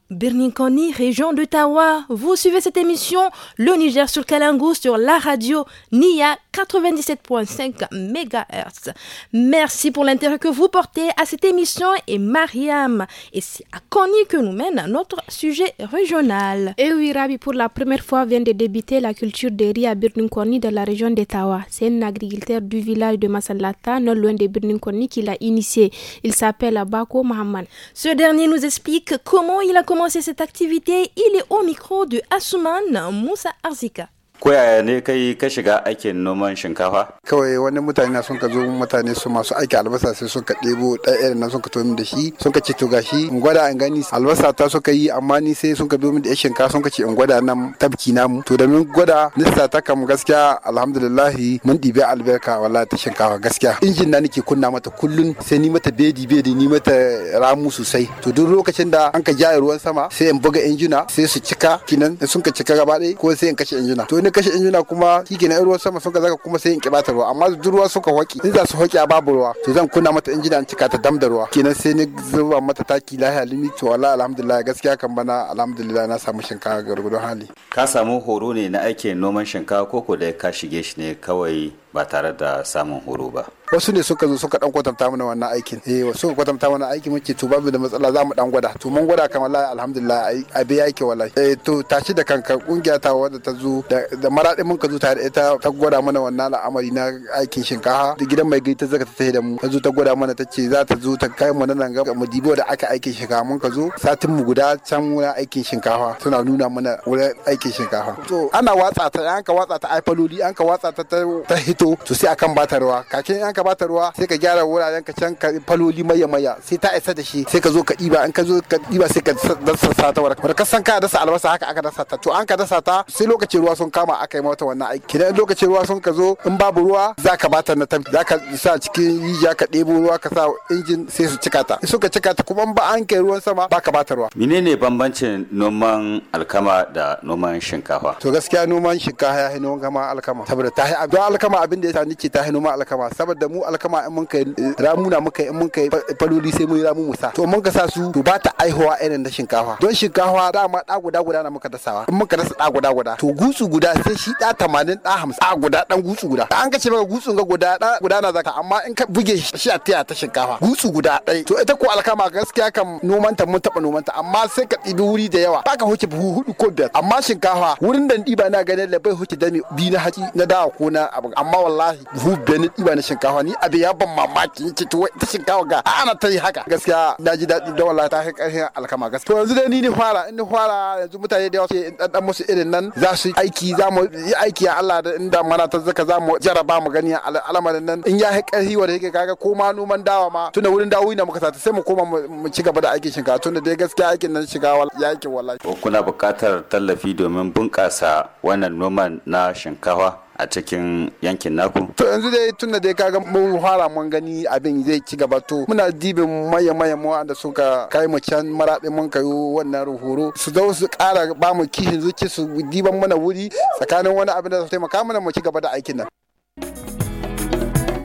Koni, région d'Ottawa. Vous suivez cette émission, le Niger sur Kalangu, sur la radio NIA 97.5 MHz. Merci pour l'intérêt que vous portez à cette émission et Mariam. Et c'est à Koni que nous mène notre sujet régional. Et eh oui, Rabi, pour la première fois vient de débuter la culture des riz à Koni dans la région d'Ottawa. C'est un agriculteur du village de Masalata, non loin de Koni, qui l'a initié. Il s'appelle Abako Mohamed. Ce ce dernier nous explique comment il a commencé cette activité. Il est au micro de Asuman Moussa Arzika. ko yaya ne kai ka shiga aikin noman shinkafa kawai wani mutane na sun ka zo mutane su masu aiki albasa sai sun ka ɗebo ɗaya irin na sun ka tomi da shi sun ka ce to shi in gwada an gani albasa ta suka yi amma ni sai sun ka bi da shinkafa sun ka ce in gwada nan tabki namu to da mun gwada nisa ta kam gaskiya alhamdulillahi mun ɗibe albarka wala ta shinkafa gaskiya injin na nake kunna mata kullun sai ni mata bedi bedi ni mata ramu sosai to duk lokacin da an ka ja ruwan sama sai in buga injina sai su cika kinan sun ka cika gaba ɗaya ko sai in kashe injina to na kashe injina kuma shi na ruwan sama sun zaka kuma sai in kibata ruwa amma da ruwa suka waki in za su hoki a babu ruwa to zan kunna mata injina in cika ta dam da ruwa kenan sai ni zuba mata taki lahiya limi to wallahi alhamdulillah gaskiya kan bana alhamdulillah na samu shinkafa gargudun hali ka samu horo ne na aikin noman shinkafa koko da ka shige shi ne kawai ba tare da samun horo ba wasu ne suka zo suka dan kwatanta mana wannan aikin eh wasu suka kwatanta mana aikin muke to babu da matsala za mu dan gwada to mun gwada kamar la alhamdulillah abi yake wallahi eh to tashi da kanka kungiya ta wanda ta zo da maradin mun ka zo tare ita ta gwada mana wannan al'amari na aikin shinkafa da gidan mai gari ta zaka ta da mu ta zo ta gwada mana tace za ta zo ta kai mu nan ga mudibo da aka aiki shinkafa mun ka zo satin mu guda can wurin aikin shinkafa suna nuna mana wurin aikin shinkafa to ana watsa ta an ka watsa ta ai faloli an ka watsa ta ta hito fito to sai akan bata ruwa kakin in ka bata ruwa sai ka gyara wuraren ka can ka faloli maya maya sai ta isa da shi sai ka zo ka diba an ka zo ka diba sai ka dasa ta warka ka san ka dasa albasa haka aka dasa ta to an ka dasa ta sai lokacin ruwa sun kama aka yi mata wannan aiki idan lokacin ruwa sun ka zo in babu ruwa za ka bata na tafi za ka sa cikin rijiya ka debo ruwa ka sa injin sai su cika ta suka cika ta kuma ba an kai ruwan sama ba ka bata ruwa menene bambancin noman alkama da noman shinkafa to gaskiya noman shinkafa ya noman alkama saboda ta don alkama abin da yasa nake ta ma alkama saboda mu alkama in mun kai ramuna muka in mun kai faloli sai mun ramu musa to mun ka sa su to ba ta aihuwa irin da shinkafa don shinkafa dama da guda guda na muka dasawa in muka dasa da guda guda to gutsu guda sai shi da 80 da 50 a guda dan gutsu guda an ka ce maka gutsu ga guda da guda na zaka amma in ka buge shi a tiya ta shinkafa gutsu guda dai to ita ko alkama gaskiya kam noman ta mun taba noman ta amma sai ka ɗibi wuri da yawa baka huce buhu hudu ko biyar amma shinkafa wurin da ɗiba na ganin da bai huce dami bi na haci na dawa ko na abu amma wallahi hu bene ni ɗiba na shinkafa ni abin ya ban mamaki ce to ita shinkawa ga ana ta yi haka gaskiya na ji da wallahi ta kai ƙarfin alkama gaskiya to yanzu dai ni ni fara in ni fara yanzu mutane da yawa ce dan ɗan musu irin nan za su aiki za mu yi aiki ya Allah da inda mana ta zaka za mu jaraba mu gani al'amarin nan in ya kai ƙarfi wanda yake kaga ko ma noman dawa ma tunda wurin dawo na muka sata sai mu koma mu ci gaba da aikin shinkawa tunda dai gaskiya aikin nan shiga ya yakin wallahi kuna buƙatar tallafi domin bunƙasa wannan noman na shinkawa a cikin yankin naku to yanzu dai tunda dai kaga mun fara mun gani abin zai ci gaba to muna dibin maye maye mu wanda suka kai mu can maraɗi mun kayo wannan horo su zo su kara ba mu kishin zuci su diban mana wuri tsakanin wani abin da su taimaka mana mu ci gaba da aikin nan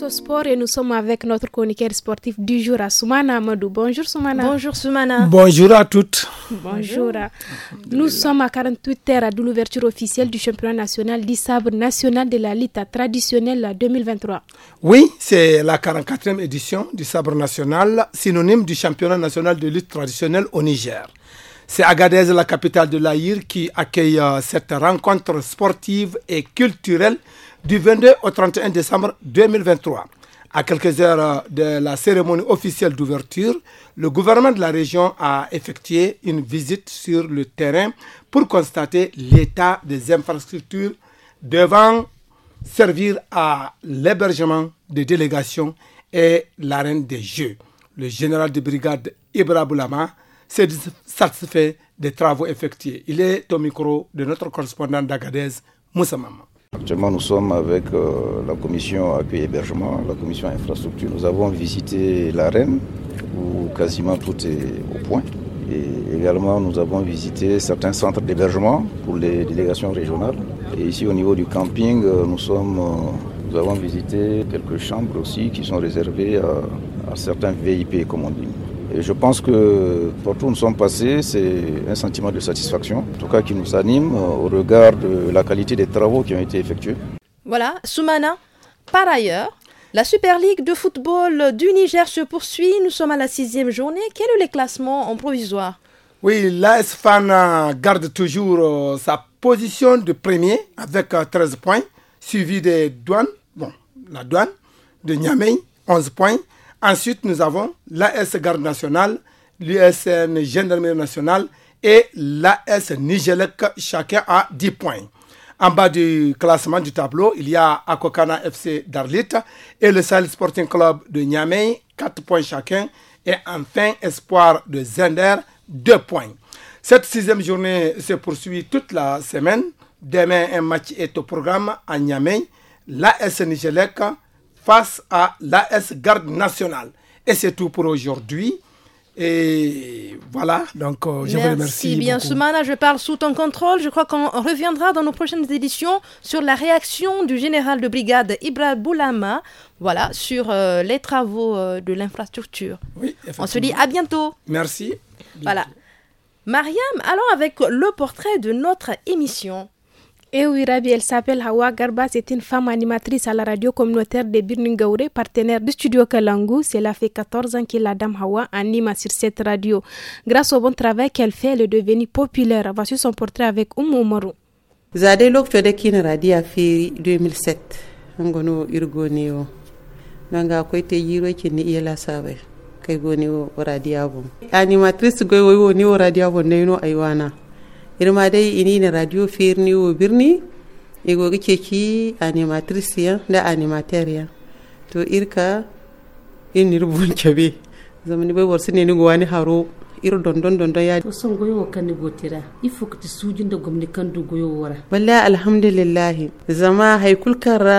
au sport et nous sommes avec notre chroniqueur sportif du jour, Soumana Amadou. Bonjour Soumana. Bonjour Soumana. Bonjour à toutes. Bonjour. Nous sommes à 48 heures de l'ouverture officielle du championnat national du sabre national de la Lita traditionnelle 2023. Oui, c'est la 44e édition du sabre national, synonyme du championnat national de lutte traditionnelle au Niger. C'est Agadez, la capitale de l'Aïr, qui accueille euh, cette rencontre sportive et culturelle du 22 au 31 décembre 2023. À quelques heures euh, de la cérémonie officielle d'ouverture, le gouvernement de la région a effectué une visite sur le terrain pour constater l'état des infrastructures devant servir à l'hébergement des délégations et l'arène des Jeux. Le général de brigade Ibra Boulama s'est satisfait des travaux effectués. Il est au micro de notre correspondant d'Agadez, Moussa Actuellement, nous sommes avec euh, la commission accueil hébergement, la commission infrastructure. Nous avons visité l'arène où quasiment tout est au point. Et également, nous avons visité certains centres d'hébergement pour les délégations régionales. Et ici, au niveau du camping, euh, nous, sommes, euh, nous avons visité quelques chambres aussi qui sont réservées à, à certains VIP, comme on dit je pense que partout où nous sommes passés, c'est un sentiment de satisfaction, en tout cas qui nous anime euh, au regard de la qualité des travaux qui ont été effectués. Voilà, Soumana, par ailleurs, la Super League de football du Niger se poursuit. Nous sommes à la sixième journée. Quel est le classement en provisoire Oui, l'AS garde toujours euh, sa position de premier avec 13 euh, points, suivi des douanes, bon, la douane de Niamey, 11 points, Ensuite, nous avons l'AS Garde nationale, l'USN Gendarmerie nationale et l'AS Nigelec. Chacun à 10 points. En bas du classement du tableau, il y a Akokana FC d'Arlit et le Sahel Sporting Club de Niamey, 4 points chacun. Et enfin, Espoir de Zender, 2 points. Cette sixième journée se poursuit toute la semaine. Demain, un match est au programme à Niamey. L'AS Nigelec face à l'AS Garde nationale. Et c'est tout pour aujourd'hui. Et voilà, donc euh, je vous remercie. Merci bien, ce Soumana, je parle sous ton contrôle. Je crois qu'on reviendra dans nos prochaines éditions sur la réaction du général de brigade Ibra Boulama voilà, sur euh, les travaux euh, de l'infrastructure. On se dit à bientôt. Merci. Voilà. Mariam, allons avec le portrait de notre émission. Et oui, elle s'appelle Hawa Garba, c'est une femme animatrice à la radio communautaire de Birningaure, partenaire du studio Kalangu. Cela fait 14 ans que la dame Hawa anime sur cette radio. Grâce au bon travail qu'elle fait, elle est devenue populaire. Voici son portrait avec Oumou Omaru. Zade lokacin kina radiya feri 2007 an gano irgo ne yo nan ga akwai ta yi roki ne iya radio yo bon animatrice go yo ni yo bon ne girma dai na radio firni wo birni igo gike ki animatrice da animateur to irka in irbun kebe zamani bai warsu ne ni go haro ir dondon dondon ya son goyo wa kan go tira ifo kuti sujin da gwamnati kan du goyo wara wallahi alhamdulillah zama haikul kara.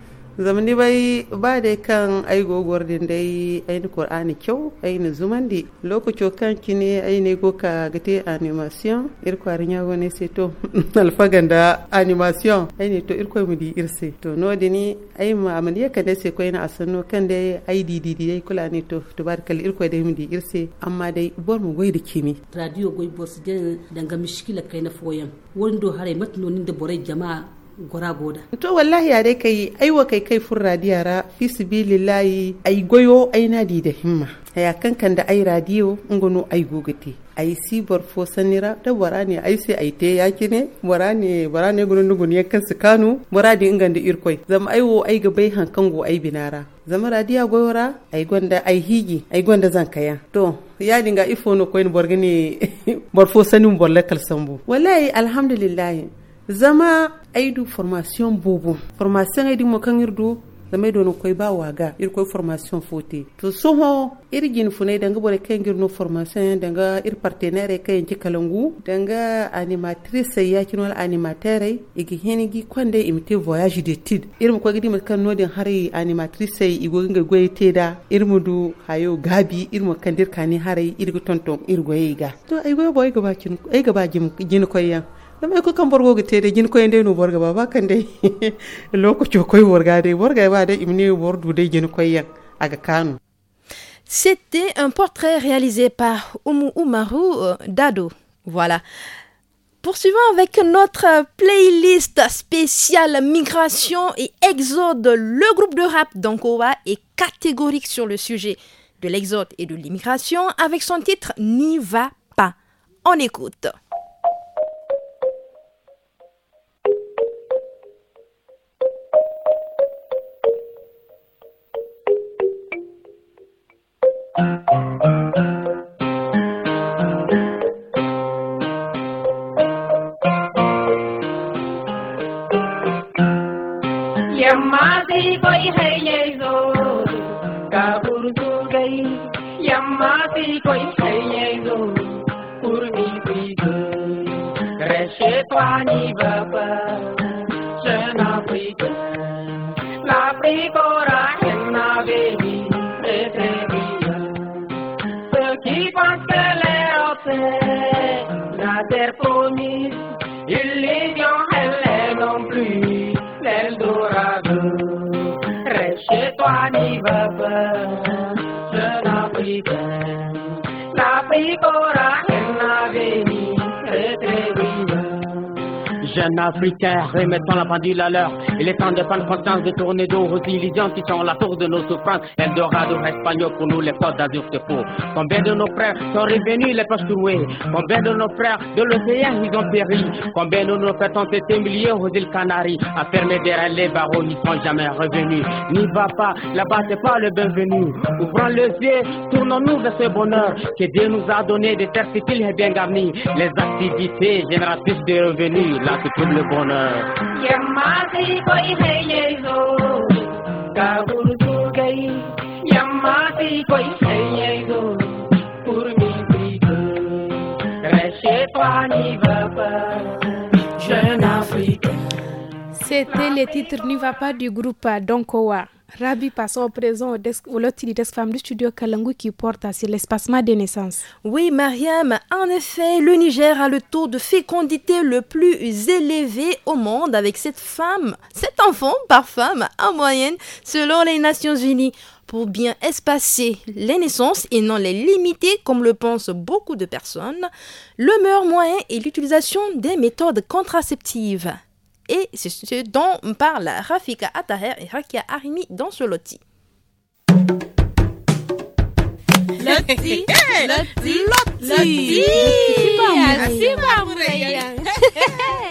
zamani bai ba da kan ai gogor din dai ai ni qur'ani kyau ai ni zumandi lokacin kan kine ai ne go ka gate animation ir kwarin ya gone sai to alfagan da animation ai ne to ir koy mu di irse to no ni ai ma amaliya kan dai sai koy na asanno kan dai ai di di dai kula ne to tubarkal ir koy dai mu di irse amma dai bor mu goy da kimi radio goy bor su danga mishkila kai na foyan wando hare matnonin da borai jama'a gora goda to wallahi ya dai kai aiwa kai kai furra diyara fi sibilillahi ai goyo ai nadi da himma haya kankan da ai radiyo ngono ai gogate ai si bar fo sanira da warane ai sai ai te yaki ne warane warane gunun nugun ya kansu kanu warade ingan da irkoi zama aiwo ai ga bai hankan go ai binara zama radiya goyora ai gonda ai higi ai gonda zan kaya to ya dinga ifo no koyin borgini bar fo sanin borle kalsambu wallahi alhamdulillah zama aidu formation bobo formation aidu mo kangirdu irdu zama ido no ba waga ir koi formation fote to soho ir gin funai danga bore kangir no formation danga ir partenaire kay ci kalangu danga animatrice ya kin wal animateur igi henigi kwande imite voyage d'étude ir mo koy gidi mo kan den hari animatrice go ngi goy teda ir mo du hayo gabi ir mo kandir kani hari ir go tonton ir go yiga to ay go boy go ba kin ay go ba jim jin koy C'était un portrait réalisé par Oumu Umaru euh, Dado. Voilà. Poursuivons avec notre playlist spéciale migration et exode. Le groupe de rap d'Ankowa est catégorique sur le sujet de l'exode et de l'immigration avec son titre N'y va pas. On écoute. capito insegnato, pur mi guido, cresce tua niva Afrique, remettons la pendule à l'heure. Il est temps de prendre conscience, de tourner d'eau aux illusions qui sont la tour de nos souffrances. Eldorado espagnol pour nous, les portes d'azur c'est faux. Combien de nos frères sont revenus les poches trouées Combien de nos frères de l'océan ils ont péri Combien de nos frères ont été milliers aux îles Canaries Affermés derrière les barreaux, ils sont jamais revenus. N'y va pas, là-bas c'est pas le bienvenu. Ouvrons les yeux, tournons-nous vers ce bonheur que Dieu nous a donné des terres fertiles et bien garnies. Les activités génératrices de revenus, துள்ளு போன எம்மாசை கொய்கையோ காவுரு தூகை எம்மாசை கொய்கையோ குருமி பிடிக்கு ரஷே பாணி Baba C'était le titre N'y pas du groupe Donkowa. Oh, ah. Rabi, passons au présent au, lotilidesc du du studio Kalangu qui porte sur l'espacement des naissances. Oui, Mariam, en effet, le Niger a le taux de fécondité le plus élevé au monde avec cette femme, cet enfant par femme en moyenne selon les Nations Unies pour bien espacer les naissances et non les limiter comme le pensent beaucoup de personnes, le meilleur moyen est l'utilisation des méthodes contraceptives et c'est ce dont parle Rafika Ataher et Rakia Arimi dans ce loti. loti,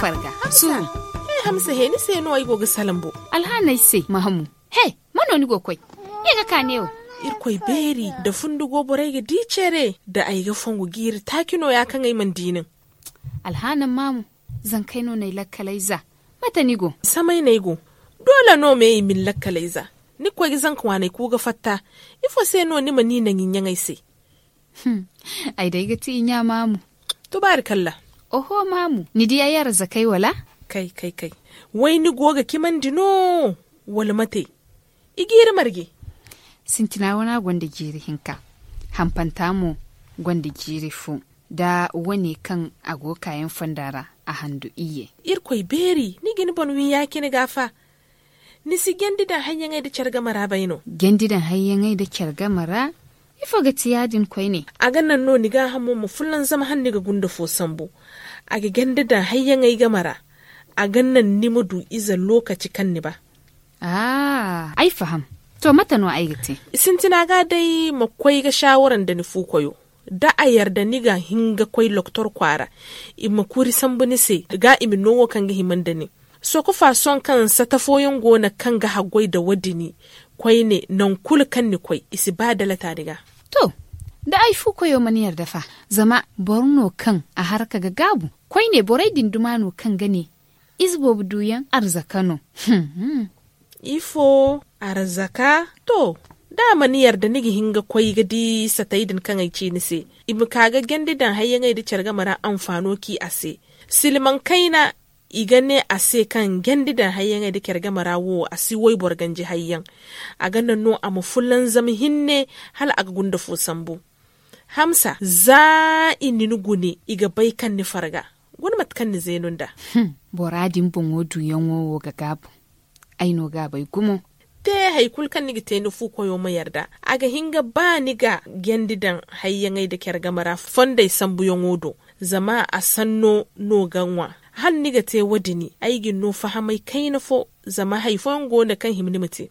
farga sulu eh hamsa he ni sai no ay goga salambo alhana sai mahamu he mano ni gokoi. e ga kaneo irkoy beri da fundugo borai ga dicere da ai ga fongo giri takino ya kan ai mandinin alhana mamu zan kai no nai lakkalaiza mata go. samai naigo dole no me yi min lakkalaiza ni koy zan nai ku ga fatta ifo sai no ni nan yin yan ai Hmm. ai dai ga ti nya mamu tubarkalla Oho mamu, ni diya yar zakai wala? Kai kai kai, wai ni goga kiman dino wal mate. Igiri marge. Sintina wana gwanda jiri hinka. Hamfanta mu gwanda jiri fu. Da wani kan kayan fandara a handu iye. Irkwai beri, ni gini wi yaki ni gafa. nisi gendidan hanyan ai da kyarga mara bai no. Gendidan hanyan ai da kyarga mara? Ifa ga tiyadin kwai ne. A ganan no ni ga hamon mu fullan zama hannu ga gunda fosan bu. a da gendida hayyangai gamara a gannan ni mudu iza lokaci kan ni ba ah ai faham to mata no ai gite tina ga dai makwai ga shawaran da ni fu koyo da a yarda ni ga hinga kwai loktor kwara ima kuri sambuni se ga min nowo kan ga himan da ni so ku fason kan sa foyin gona kan ga hagwai da wadini kwai ne nan kul kan ni kwai isi ba da latariga to da ai fu koyo maniyar dafa zama borno kan a harka ga gabu kwai ne borai no kan gane izbo duyan arzakano hmm, hmm. ifo arzaka to da niyar da nigi hinga kwai di sataidin kan aice ni se ibu kaga dan hayyan da carga mara amfano ki ase silman kaina igane ase kan gendi dan hayyan ai da carga mara wo wai borgan ji hayyan a ganan no amu fullan zam hinne hal a gunda fusan bu hamsa za ne iga bai kan ni farga wani matkan ni zenun da hmm, boradin bongo duyan wowo ga gabu aino ga bai gumo te haikul kan ni gita nufu koyo ma yarda aga hinga ba ni ga gendidan hayyangai da kyar gamara fondai buyon yongodo zama a sanno no ganwa han ga te wadini aigin no fahamai kai na fo zama haifon gona kan himni mutu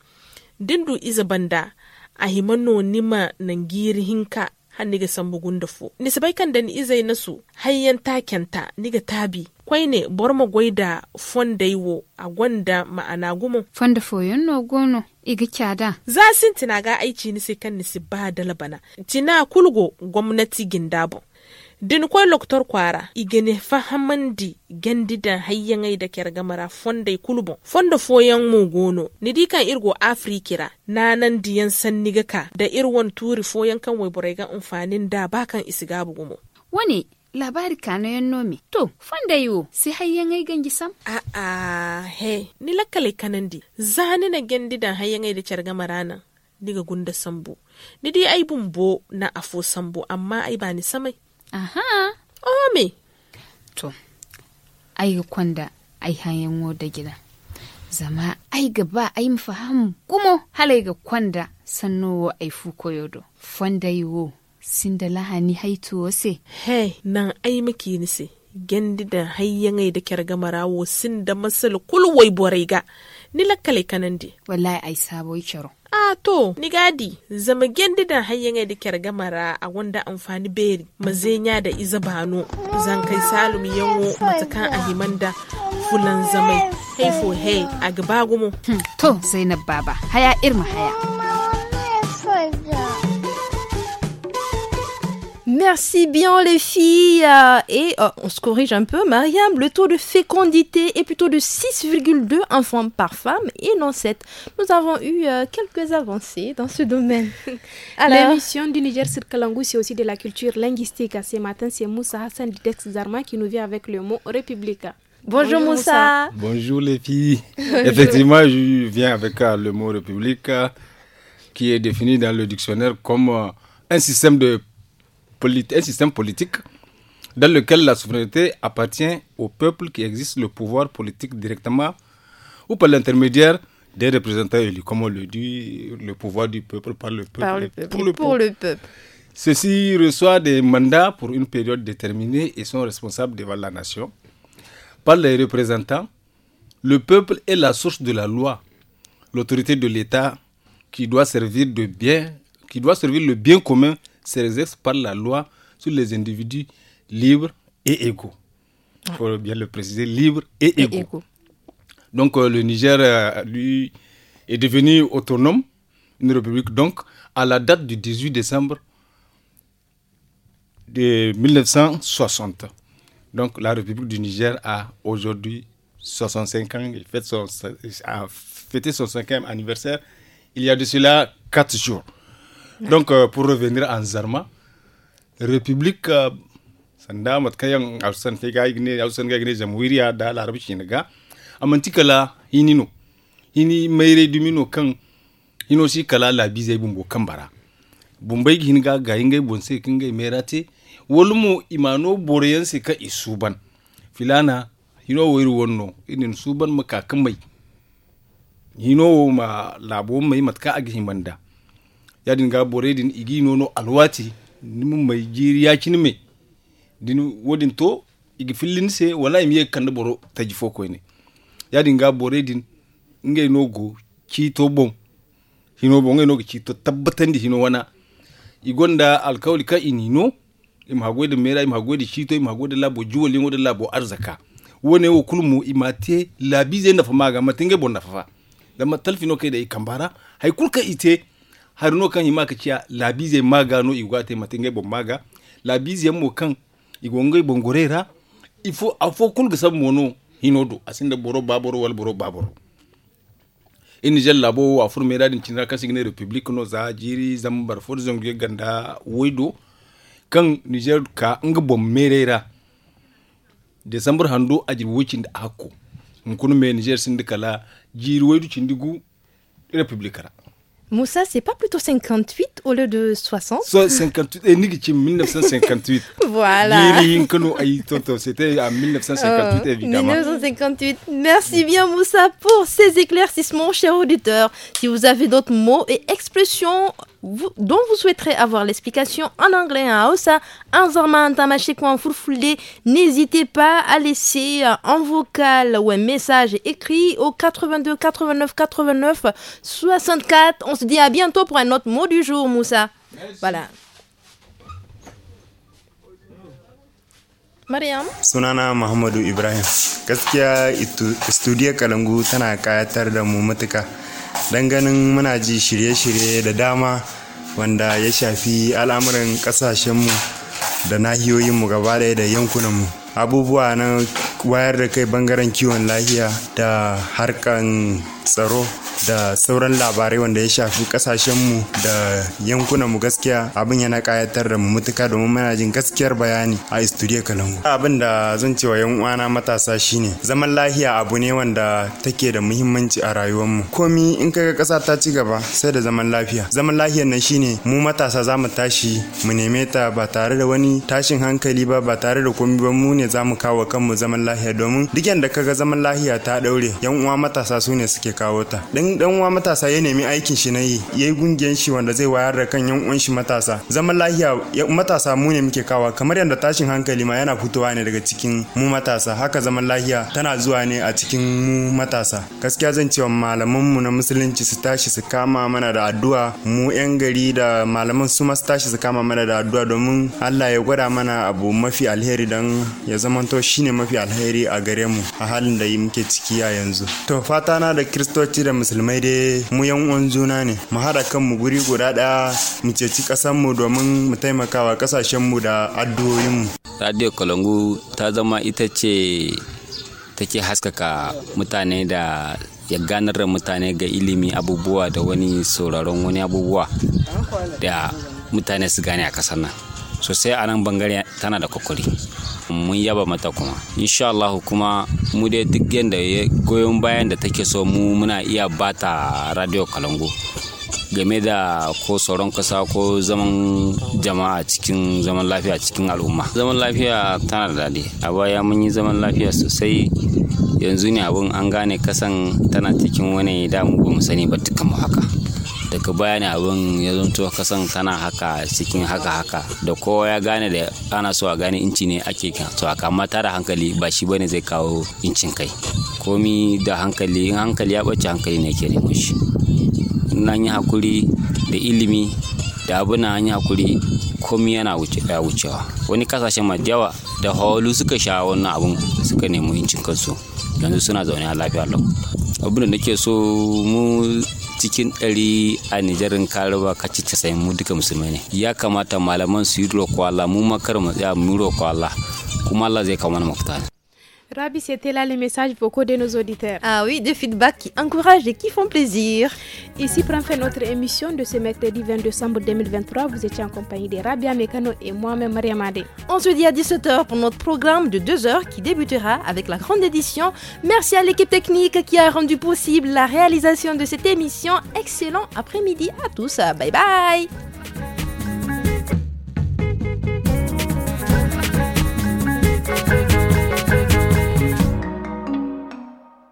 dindu iza banda a himanno nima nangiri hinka har niga san bugun da fu ni kan da ni izai nasu hayyan takenta niga tabi kwai ne bor ma goida fonda yiwo a gwanda ma'ana gumu. fonda foyon no gono iga kyada za sin tina ga aici ni sai kan ni da labana tina kulgo gwamnati gindabo din kwa loktor kwara igene fahamandi gendida hayyangai da kyar gamara fonda kulubon fonda foyan mu gono ni irgo afrikira nanan diyan sanniga ka da irwan turi foyan kan wai borai da bakan isigabu wani labari kano yan nomi to fonda yiwo si hayyangai gangi sam a a he ni lakale kanandi zani na gendidan hayyangai da kyar gamara nan diga gunda sambo ni di ai bumbo na afo sambo amma ai bani ni samai aha oh me to ai kwanda ai hayan wo da gida zama ai gaba ai fahimu kuma halai ga kwanda sannowo ai fu koyodo fonda yiwo sinda lahani haitu wose he nan ai maki nise gendi da hayyan da kyar gamara wo sinda masal kulwai boraiga ni lakkale kanandi wallahi ai sabo kyaro to ni gadi zama gendidan hanyar da kyar gamara a wanda amfani beri mazenya da izabano zan kai salum yawo matakan da fulan zamai haifo hey a gaba gumo hmm, to zainab baba haya irma haya Merci bien les filles. Euh, et euh, on se corrige un peu, Mariam, le taux de fécondité est plutôt de 6,2 enfants par femme et non 7. Nous avons eu euh, quelques avancées dans ce domaine. L'émission du Niger sur c'est aussi de la culture linguistique. Ce matin, c'est Moussa Hassan Didex Zarma qui nous vient avec le mot république. Bonjour, Moussa. Bonjour les filles. Effectivement, je viens avec le mot république qui est défini dans le dictionnaire comme un système de un système politique dans lequel la souveraineté appartient au peuple qui existe le pouvoir politique directement ou par l'intermédiaire des représentants élus, comme on le dit, le pouvoir du peuple par le peuple, Pour, le peuple. Ceux-ci reçoivent des mandats pour une période déterminée et sont responsables devant la nation. Par les représentants, le peuple est la source de la loi, l'autorité de l'État qui doit servir de bien, qui doit servir le bien commun s'exerce par la loi sur les individus libres et égaux. Il faut bien le préciser, libres et, égaux. Donc euh, le Niger, euh, lui, est devenu autonome, une république, donc à la date du 18 décembre de 1960. Donc la République du Niger a aujourd'hui 65 ans, il fête son, a fêté son cinquième anniversaire il y a de cela quatre jours. donc euh, pour revenir en Zarma république euh, sanda mat république ausan te je igne ausan hini maire dumino kan hino si kala labi zai bumbo kan bumbai bonse imano boreyan se ka isuban filana hino wonno inin suban maka ma labo mai matka agi yadin ga din igi nono alwati nimu mai jiri yakin me din wodin to igi fillin se wala imiye da boro taji fo ne yadin ga din nge no go ki to bon hino bon nge no ki to tabbatandi hino wana igonda alkawli ka inino im hagwede mera im hagwede chito im hagwede labo juwo lingo de labo arzaka wone wo kulmu imate labize ndafa maga matinge bon fafa da matalfino kai da ikambara hay kulka ite har no kan ima kaciya labize maga no igwate matingai bo maga labize mo kan igongai bongorera ifo afo kun gasa sabmo no asin da boro baboro wal boro baboro ini jalla bo wa furme radin cinra signe republic no za jiri zambar fur zongi ganda woido kan niger ka nga bom merera december handu ajir wucin da ako nkunu me niger sindikala jiri woido cindigu republicara Moussa, c'est pas plutôt 58 au lieu de 60 58, et nous 1958. voilà. C'était en 1958, euh, évidemment. 1958. Merci bien, Moussa, pour ces éclaircissements, cher auditeur. Si vous avez d'autres mots et expressions dont vous souhaiterez avoir l'explication en anglais, en hein, haussa, en zorma, en tamaché, en fourfoulé, n'hésitez pas à laisser un euh, vocal ou un message écrit au 82 89 89 64 se dit à bientôt pour un autre mot du jour, Moussa. Voilà. Mariam. Sunana Muhammadu Ibrahim. Gaskiya studio Kalangu tana kayatar da mu matuka. Dan ganin muna ji shirye-shirye da dama wanda ya shafi al'amuran kasashenmu da nahiyoyinmu gaba ɗaya da yankunanmu. abubuwa na wayar da kai bangaren kiwon lafiya da harkan tsaro da sauran labarai wanda ya shafi kasashenmu da yankunanmu gaskiya abin yana kayatar da mu mutuka domin muna jin gaskiyar bayani a studio kalangu abin da zan cewa yan uwana matasa shine zaman lahiya abu ne wanda take da muhimmanci a rayuwarmu komi in kaga kasa ta ci gaba sai da zaman lafiya zaman lafiyar nan shine mu matasa za mu tashi mu neme ta ba tare da wani tashin hankali ba ba tare da komi ba mu ne za mu kawo kanmu zaman lahiya domin duk yanda kaga zaman lahiya ta daure yan uwa matasa su ne suke kawo ta dan dan uwa matasa ya nemi aikin shi na yi yayi gungiyan shi wanda zai wayar da kan yan uwan shi matasa zaman lahiya matasa mu ne muke kawo kamar yanda tashin hankali ma yana fitowa ne daga cikin mu matasa haka zaman lahiya tana zuwa ne a cikin mu matasa gaskiya zan cewa malaman mu na musulunci su tashi su kama mana da addu'a mu yan gari da malaman su ma su tashi su kama mana da addu'a domin Allah ya gwada mana abu mafi alheri dan ya ya zamanto shine mafi alheri a gare mu a halin da muke ciki a yanzu to fata na da kristoci da musulmai dai mu yan uwan juna ne mu haɗa kanmu guri guda ɗaya mu ceci mu domin mu taimakawa mu da addu'o'in mu radio kalangu ta zama ita ce take haskaka mutane da ya ganar da mutane ga ilimi abubuwa da wani sauraron wani abubuwa da mutane su gane a kasar nan sosai a nan bangare tana da kokari mun yaba mata kuma insha Allah kuma mu dai duk yadda goyon bayan da take so mu muna iya bata radio kalango game da ko sauran kasa ko zaman jama'a cikin zaman lafiya cikin al'umma zaman lafiya tana da daɗi a baya mun yi zaman lafiya sosai yanzu ne abin an gane kasan tana cikin wani damu ba mu sani ba dukkan mu haka daga baya ne abin ya zonto kasan kana haka cikin haka haka da kowa ya gane da ana so a gane inci ne ake kan to amma tara hankali ba shi bane zai kawo incin kai komi da hankali in hankali ya bace hankali ne ke nemo shi nan an yi hakuri da ilimi da abin an yi hakuri komi yana wucewa wani kasashen ma da yawa da hawolu suka sha wannan abun suka nemi incin kansu yanzu suna zaune a lafiya lau abin da nake so mu cikin ɗari a nijarin karuwa kaci casa'in mu duka musulmai ne ya kamata malaman su yi roƙo Allah mu makar mu tsaya mu roƙo Allah kuma Allah zai kawo mana mafita Rabi, c'était là les messages pour de nos auditeurs. Ah oui, des feedbacks qui encouragent et qui font plaisir. Ici prend faire notre émission de ce mercredi 20 décembre 2023. Vous étiez en compagnie de Rabia Mekano et moi-même Madé. On se dit à 17h pour notre programme de 2h qui débutera avec la grande édition. Merci à l'équipe technique qui a rendu possible la réalisation de cette émission. Excellent après-midi à tous. Bye bye.